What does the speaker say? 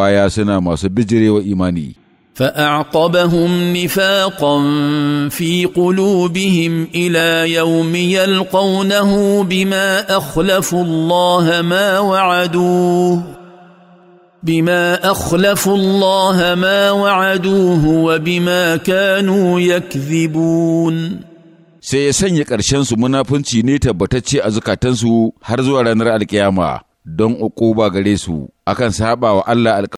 baya suna masu bijirewa imani. فأعقبهم نفاقا في قلوبهم إلى يوم يلقونه بما أخلفوا الله ما وعدوه بما أخلفوا الله ما وعدوه وبما كانوا يكذبون sai ya sanya ƙarshensu munafunci ne tabbatacce a zukatansu har zuwa ranar alkiyama don ba gare su akan saba wa Allah